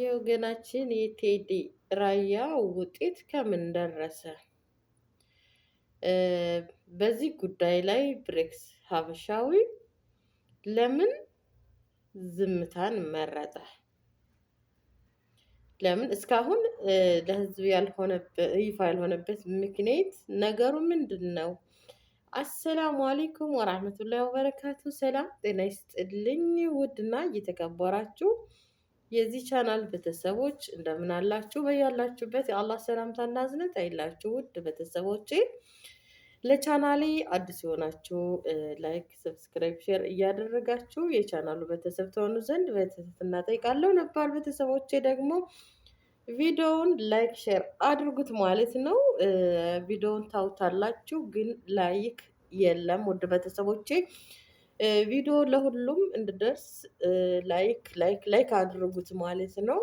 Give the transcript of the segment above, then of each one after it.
የወገናችን የቴዲ ራያ ውጤት ከምን ደረሰ? በዚህ ጉዳይ ላይ ብሬክስ ሀበሻዊ ለምን ዝምታን መረጠ? ለምን እስካሁን ለህዝብ ይፋ ያልሆነበት ምክንያት ነገሩ ምንድን ነው? አሰላሙ አሌይኩም ወራህመቱላሂ ወበረካቱ። ሰላም ጤና ይስጥልኝ ውድና እየተከበራችሁ የዚህ ቻናል ቤተሰቦች እንደምን አላችሁ? በያላችሁበት የአላህ ሰላምታና እዝነት አይላችሁ። ውድ ቤተሰቦቼ ለቻናሌ አዲስ የሆናችሁ ላይክ፣ ሰብስክራይብ፣ ሼር እያደረጋችሁ የቻናሉ ቤተሰብ ተሆኑ ዘንድ በትህትና ጠይቃለሁ። ነባር ቤተሰቦቼ ደግሞ ቪዲዮውን ላይክ፣ ሼር አድርጉት ማለት ነው። ቪዲዮውን ታውታላችሁ፣ ግን ላይክ የለም ውድ ቤተሰቦቼ ቪዲዮ ለሁሉም እንድደርስ ላይክ ላይክ ላይክ አድርጉት ማለት ነው።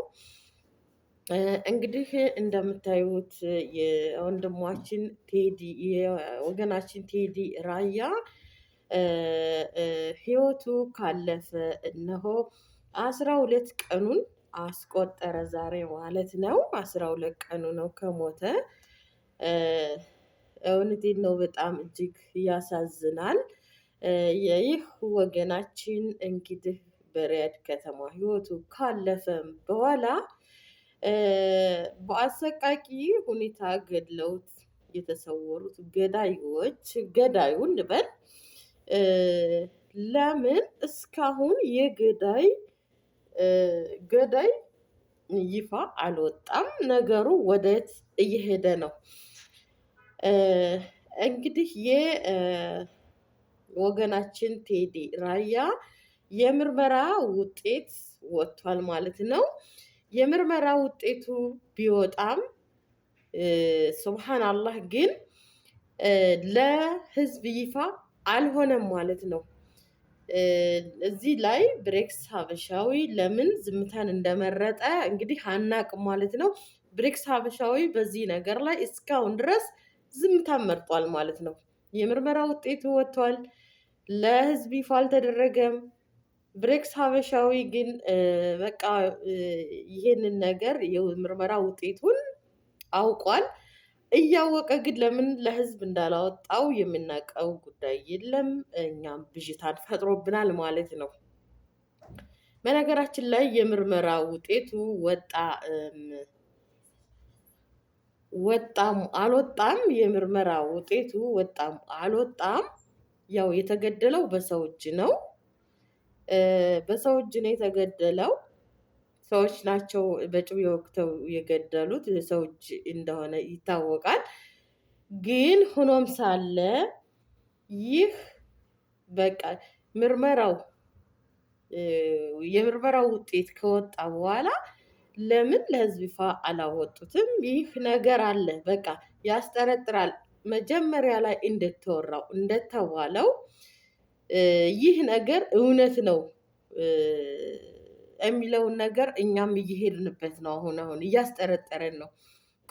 እንግዲህ እንደምታዩት የወንድማችን ቴዲ የወገናችን ቴዲ ራያ ህይወቱ ካለፈ እነሆ አስራ ሁለት ቀኑን አስቆጠረ ዛሬ ማለት ነው። አስራ ሁለት ቀኑ ነው ከሞተ። እውነቴን ነው። በጣም እጅግ ያሳዝናል። ይህ ወገናችን እንግዲህ በሪያድ ከተማ ህይወቱ ካለፈም በኋላ በአሰቃቂ ሁኔታ ገድለውት የተሰወሩት ገዳዮች ገዳዩን ልበል ለምን እስካሁን የገዳይ ገዳይ ይፋ አልወጣም? ነገሩ ወደት እየሄደ ነው? እንግዲህ ወገናችን ቴዲ ራያ የምርመራ ውጤት ወጥቷል ማለት ነው። የምርመራ ውጤቱ ቢወጣም ሱብሃናላህ ግን ለህዝብ ይፋ አልሆነም ማለት ነው። እዚህ ላይ ብሬክስ ሀበሻዊ ለምን ዝምታን እንደመረጠ እንግዲህ አናቅም ማለት ነው። ብሬክስ ሀበሻዊ በዚህ ነገር ላይ እስካሁን ድረስ ዝምታን መርጧል ማለት ነው። የምርመራ ውጤቱ ወጥቷል። ለህዝብ ይፋ አልተደረገም። ብሬክስ ሀበሻዊ ግን በቃ ይሄንን ነገር የምርመራ ውጤቱን አውቋል። እያወቀ ግን ለምን ለህዝብ እንዳላወጣው የምናውቀው ጉዳይ የለም። እኛም ብዥታን ፈጥሮብናል ማለት ነው። በነገራችን ላይ የምርመራ ውጤቱ ወጣ ወጣም አልወጣም የምርመራ ውጤቱ ወጣም አልወጣም ያው የተገደለው በሰው እጅ ነው። በሰው እጅ ነው የተገደለው። ሰዎች ናቸው በጩቤ ወቅተው የገደሉት ሰው እጅ እንደሆነ ይታወቃል። ግን ሆኖም ሳለ ይህ በቃ ምርመራው የምርመራው ውጤት ከወጣ በኋላ ለምን ለህዝብ ይፋ አላወጡትም? ይህ ነገር አለ። በቃ ያስጠረጥራል። መጀመሪያ ላይ እንደተወራው እንደተባለው ይህ ነገር እውነት ነው የሚለውን ነገር እኛም እየሄድንበት ነው። አሁን አሁን እያስጠረጠረን ነው።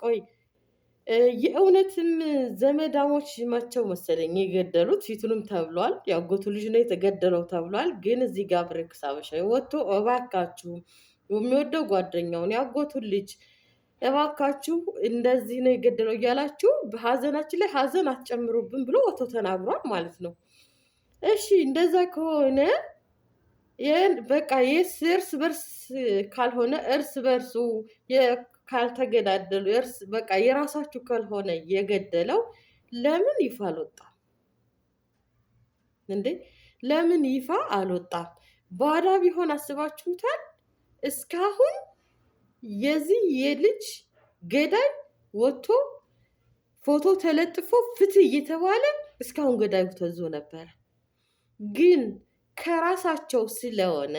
ቆይ የእውነትም ዘመዳሞች ናቸው መሰለኝ የገደሉት ፊቱንም ተብሏል። ያጎቱ ልጅ ነው የተገደለው ተብሏል። ግን እዚህ ጋር ብሬክስ ሀበሻ ወጥቶ እባካችሁ የሚወደው ጓደኛውን ያጎቱን ልጅ እባካችሁ እንደዚህ ነው የገደለው እያላችሁ በሀዘናችን ላይ ሀዘን አትጨምሩብን ብሎ ወቶ ተናግሯል ማለት ነው። እሺ እንደዛ ከሆነ በቃ እርስ በርስ ካልሆነ እርስ በርሱ ካልተገዳደሉ እርስ በቃ የራሳችሁ ካልሆነ የገደለው ለምን ይፋ አልወጣም እንዴ? ለምን ይፋ አልወጣም? ባዳ ቢሆን አስባችሁታል እስካሁን የዚህ የልጅ ገዳይ ወጥቶ ፎቶ ተለጥፎ ፍትህ እየተባለ እስካሁን ገዳዩ ተዞ ነበረ። ግን ከራሳቸው ስለሆነ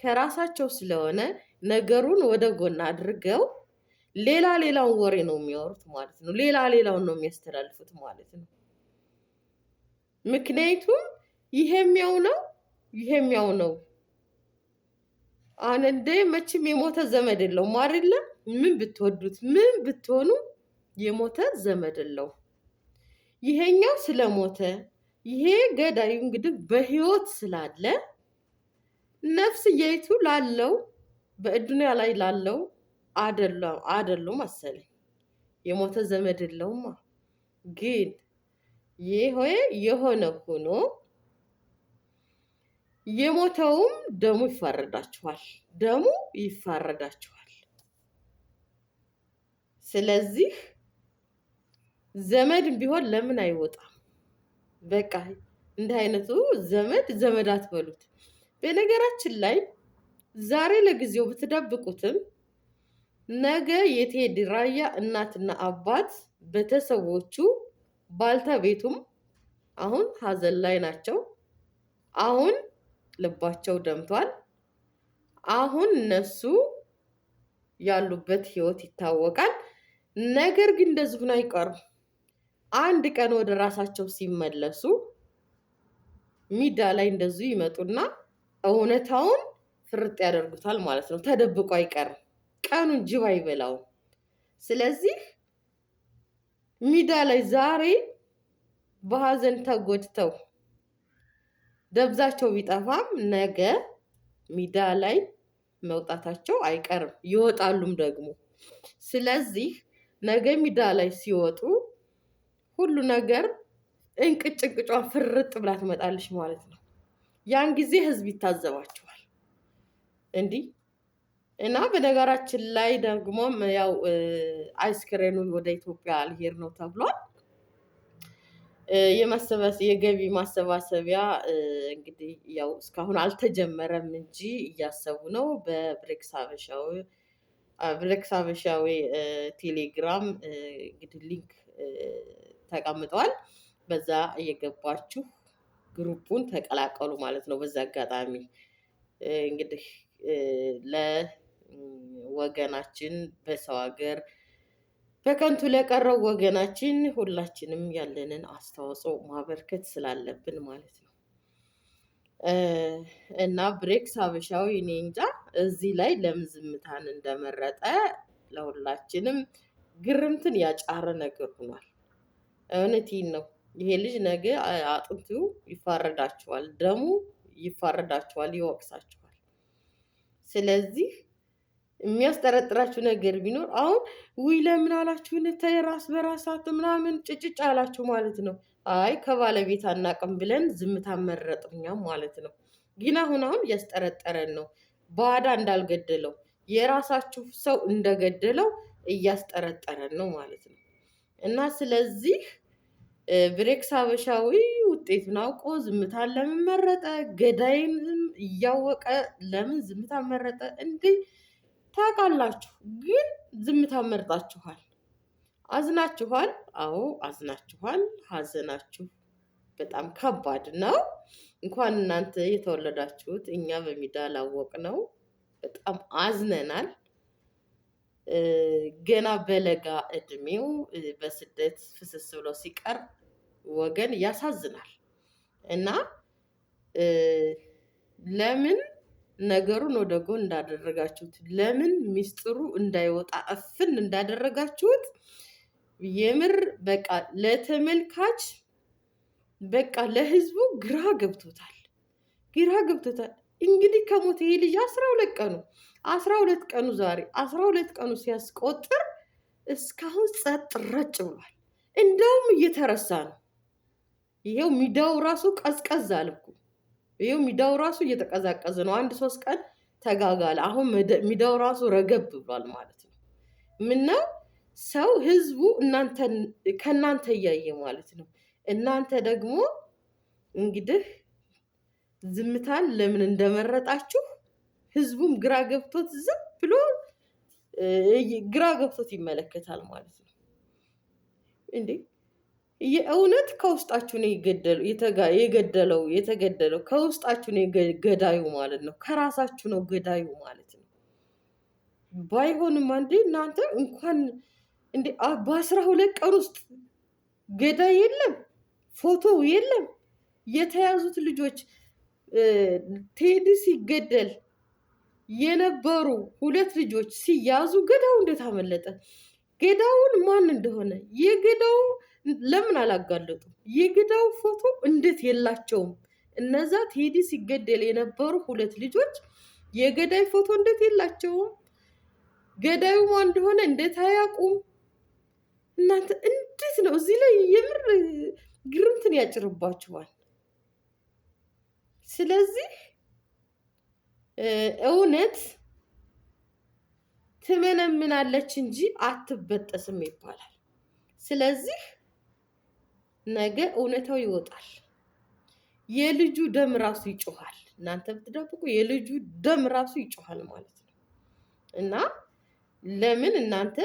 ከራሳቸው ስለሆነ ነገሩን ወደ ጎን አድርገው ሌላ ሌላውን ወሬ ነው የሚያወሩት ማለት ነው። ሌላ ሌላውን ነው የሚያስተላልፉት ማለት ነው። ምክንያቱም ይሄ ያው ነው ይሄም ያው ነው እንዴ መቼም የሞተ ዘመድ የለው አይደለ? ምን ብትወዱት ምን ብትሆኑ የሞተ ዘመድ የለው። ይሄኛው ስለሞተ ይሄ ገዳዩ እንግዲህ በህይወት ስላለ ነፍስየቱ ላለው በእዱንያ ላይ ላለው አይደሉም መሰለኝ። የሞተ ዘመድ የለውማ ግን ይሄ የሆነ ሆኖ የሞተውም ደሙ ይፋረዳችኋል፣ ደሙ ይፋረዳችኋል። ስለዚህ ዘመድም ቢሆን ለምን አይወጣም? በቃ እንዲህ አይነቱ ዘመድ ዘመድ አትበሉት። በነገራችን ላይ ዛሬ ለጊዜው ብትደብቁትም ነገ የቴዲ ራያ እናትና አባት ቤተሰቦቹ ባልተቤቱም አሁን ሀዘን ላይ ናቸው አሁን ልባቸው ደምቷል። አሁን እነሱ ያሉበት ህይወት ይታወቃል። ነገር ግን እንደዚሁን አይቀሩም። አንድ ቀን ወደ ራሳቸው ሲመለሱ ሚዳ ላይ እንደዚሁ ይመጡና እውነታውን ፍርጥ ያደርጉታል ማለት ነው። ተደብቆ አይቀርም። ቀኑን ጅብ አይበላውም። ስለዚህ ሚዳ ላይ ዛሬ በሀዘን ተጎድተው ደብዛቸው ቢጠፋም ነገ ሚዳ ላይ መውጣታቸው አይቀርም፣ ይወጣሉም ደግሞ። ስለዚህ ነገ ሚዳ ላይ ሲወጡ ሁሉ ነገር እንቅጭ ፍርጥ ብላ ትመጣለች ማለት ነው። ያን ጊዜ ህዝብ ይታዘባቸዋል እንዲህ እና በነገራችን ላይ ደግሞ ያው አይስክሬኑ ወደ ኢትዮጵያ አልሄድ ነው ተብሏል። የማሰባሰብ የገቢ ማሰባሰቢያ እንግዲህ ያው እስካሁን አልተጀመረም እንጂ እያሰቡ ነው። በብሬክስ ሀበሻዊ ቴሌግራም እንግዲህ ሊንክ ተቀምጠዋል። በዛ እየገባችሁ ግሩፑን ተቀላቀሉ ማለት ነው። በዛ አጋጣሚ እንግዲህ ለወገናችን በሰው ሀገር በከንቱ ለቀረው ወገናችን ሁላችንም ያለንን አስተዋጽኦ ማበርከት ስላለብን ማለት ነው። እና ብሬክስ ሀበሻዊ እኔ እንጃ እዚህ ላይ ለምን ዝምታን እንደመረጠ ለሁላችንም ግርምትን ያጫረ ነገር ሆኗል። እውነቴን ነው። ይሄ ልጅ ነገ አጥንቱ ይፋረዳችኋል፣ ደሙ ይፋረዳችኋል፣ ይወቅሳችኋል። ስለዚህ የሚያስጠረጥራችሁ ነገር ቢኖር አሁን ውይ ለምን አላችሁ ተይ ራስ በራሳት ምናምን ጭጭጭ አላችሁ ማለት ነው። አይ ከባለቤት አናቅም ብለን ዝምታ መረጥኛም ማለት ነው። ግን አሁን አሁን እያስጠረጠረን ነው። ባዳ እንዳልገደለው የራሳችሁ ሰው እንደገደለው እያስጠረጠረን ነው ማለት ነው። እና ስለዚህ ብሬክስ ሀበሻዊ ውጤቱን አውቆ ዝምታን ለምን መረጠ? ገዳይንም እያወቀ ለምን ዝምታን መረጠ? እንዲህ ታውቃላችሁ፣ ግን ዝምታ መርጣችኋል። አዝናችኋል። አዎ አዝናችኋል። ሀዘናችሁ በጣም ከባድ ነው። እንኳን እናንተ የተወለዳችሁት እኛ በሚዳ ላወቅ ነው። በጣም አዝነናል። ገና በለጋ እድሜው በስደት ፍስስ ብሎ ሲቀር ወገን ያሳዝናል እና ለምን ነገሩን ወደ ጎን እንዳደረጋችሁት ለምን ሚስጥሩ እንዳይወጣ እፍን እንዳደረጋችሁት የምር በቃ ለተመልካች በቃ ለህዝቡ ግራ ገብቶታል፣ ግራ ገብቶታል። እንግዲህ ከሞት ይሄ ልጅ አስራ ሁለት ቀኑ አስራ ሁለት ቀኑ ዛሬ አስራ ሁለት ቀኑ ሲያስቆጥር እስካሁን ጸጥ ረጭ ብሏል። እንደውም እየተረሳ ነው። ይሄው ሚዲያው ራሱ ቀዝቀዝ አልኩ። ይኸው ሚዳው ራሱ እየተቀዛቀዘ ነው። አንድ ሶስት ቀን ተጋጋለ። አሁን ሚዳው ራሱ ረገብ ብሏል ማለት ነው። ምነው ሰው ህዝቡ ከእናንተ እያየ ማለት ነው። እናንተ ደግሞ እንግዲህ ዝምታን ለምን እንደመረጣችሁ ህዝቡም ግራ ገብቶት ዝም ብሎ ግራ ገብቶት ይመለከታል ማለት ነው እንዴ የእውነት ከውስጣችሁ ነው የገደለው የተገደለው ከውስጣችሁ ነው ገዳዩ ማለት ነው። ከራሳችሁ ነው ገዳዩ ማለት ነው። ባይሆንም አንዴ እናንተ እንኳን እንደ በአስራ ሁለት ቀን ውስጥ ገዳይ የለም፣ ፎቶ የለም። የተያዙት ልጆች ቴዲ ሲገደል የነበሩ ሁለት ልጆች ሲያዙ ገዳው እንዴት አመለጠ? ገዳውን ማን እንደሆነ የገዳው ለምን አላጋለጡም? የግዳው ፎቶ እንዴት የላቸውም? እነዛ ቴዲ ሲገደል የነበሩ ሁለት ልጆች የገዳይ ፎቶ እንዴት የላቸውም? ገዳዩ ማን እንደሆነ እንዴት አያውቁም? እናንተ እንዴት ነው እዚህ ላይ የምር ግርምትን ያጭርባችኋል። ስለዚህ እውነት ትመነምናለች እንጂ አትበጠስም ይባላል። ስለዚህ ነገ እውነታው ይወጣል። የልጁ ደም ራሱ ይጮኋል። እናንተ ብትደብቁ የልጁ ደም ራሱ ይጮኋል ማለት ነው። እና ለምን እናንተ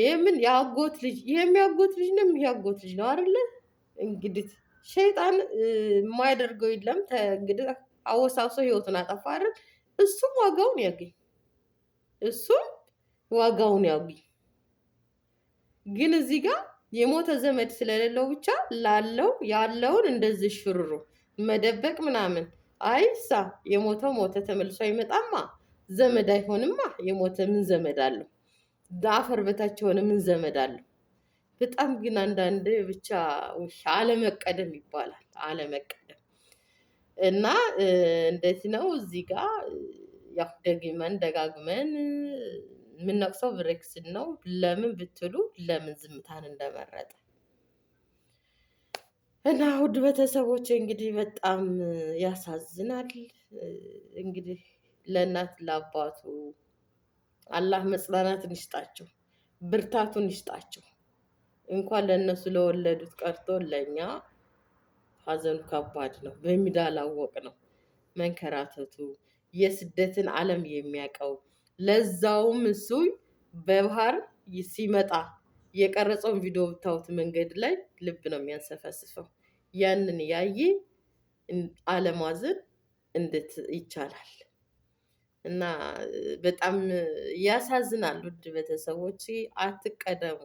የምን የአጎት ልጅ የሚያጎት ልጅ ነው የሚያጎት ልጅ ነው አይደለ? እንግዲህ ሸይጣን የማያደርገው የለም። እንግዲህ አወሳብሶ ህይወቱን አጠፋ አይደል? እሱም ዋጋውን ያገኝ፣ እሱም ዋጋውን ያገኝ። ግን እዚህ ጋር የሞተ ዘመድ ስለሌለው ብቻ ላለው ያለውን እንደዚህ ሽሩሩ መደበቅ ምናምን አይሳ የሞተው ሞተ ተመልሶ አይመጣማ። ዘመድ አይሆንማ። የሞተ ምን ዘመድ አለው? አፈር በታች የሆነ ምን ዘመድ አለው? በጣም ግን አንዳንድ ብቻ አለመቀደም ይባላል። አለመቀደም እና እንደት ነው እዚህ ጋር ያው ደግመን ደጋግመን የምንወቅሰው ብሬክስን ነው። ለምን ብትሉ ለምን ዝምታን እንደመረጠ እና ውድ ቤተሰቦች እንግዲህ በጣም ያሳዝናል። እንግዲህ ለእናት ለአባቱ አላህ መጽናናትን ይስጣቸው፣ ብርታቱን ይስጣቸው። እንኳን ለእነሱ ለወለዱት ቀርቶ ለእኛ ሀዘኑ ከባድ ነው። በሚዳላወቅ ነው መንከራተቱ የስደትን ዓለም የሚያውቀው ለዛውም እሱ በባህር ሲመጣ የቀረጸውን ቪዲዮ ብታዩት መንገድ ላይ ልብ ነው የሚያንሰፈስፈው። ያንን ያየ አለማዘን እንዴት ይቻላል? እና በጣም ያሳዝናል። ውድ ቤተሰቦች አትቀደሙ፣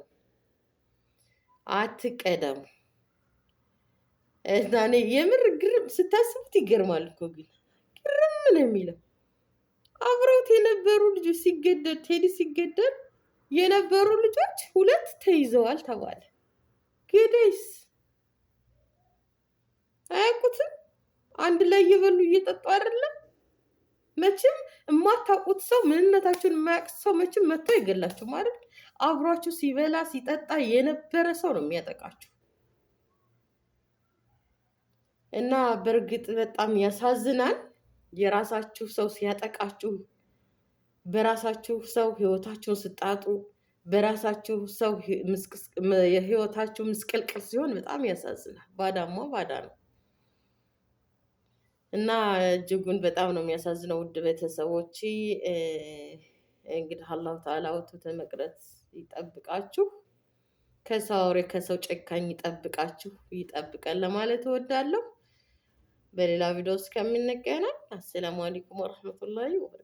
አትቀደሙ። እና እኔ የምር ግርም ስታስቡት ይገርማል እኮ ግን ግርም ነው የሚለው አብረውት የነበሩ ልጆች ሲገደል ቴዲ ሲገደል የነበሩ ልጆች ሁለት ተይዘዋል ተባለ። ጌዴስ አያውቁትም። አንድ ላይ እየበሉ እየጠጡ አይደለም። መቼም የማታውቁት ሰው ምንነታችሁን የማያውቅ ሰው መቼም መጥቶ አይገላችሁም አይደል? አብሯችሁ ሲበላ ሲጠጣ የነበረ ሰው ነው የሚያጠቃችሁ። እና በእርግጥ በጣም ያሳዝናል። የራሳችሁ ሰው ሲያጠቃችሁ፣ በራሳችሁ ሰው ህይወታችሁን ስጣጡ፣ በራሳችሁ ሰው የህይወታችሁ ምስቅልቅል ሲሆን በጣም ያሳዝናል። ባዳማ ባዳ ነው እና እጅጉን በጣም ነው የሚያሳዝነው። ውድ ቤተሰቦች እንግዲህ አላሁ ተዓላ ወቶተ መቅረት ይጠብቃችሁ ከሰው አውሬ ከሰው ጨካኝ ይጠብቃችሁ ይጠብቀን ለማለት እወዳለሁ። በሌላ ቪዲዮ እስከምንገናኝ አሰላሙ አለይኩም ወረህመቱላሂ ወበረካቱ።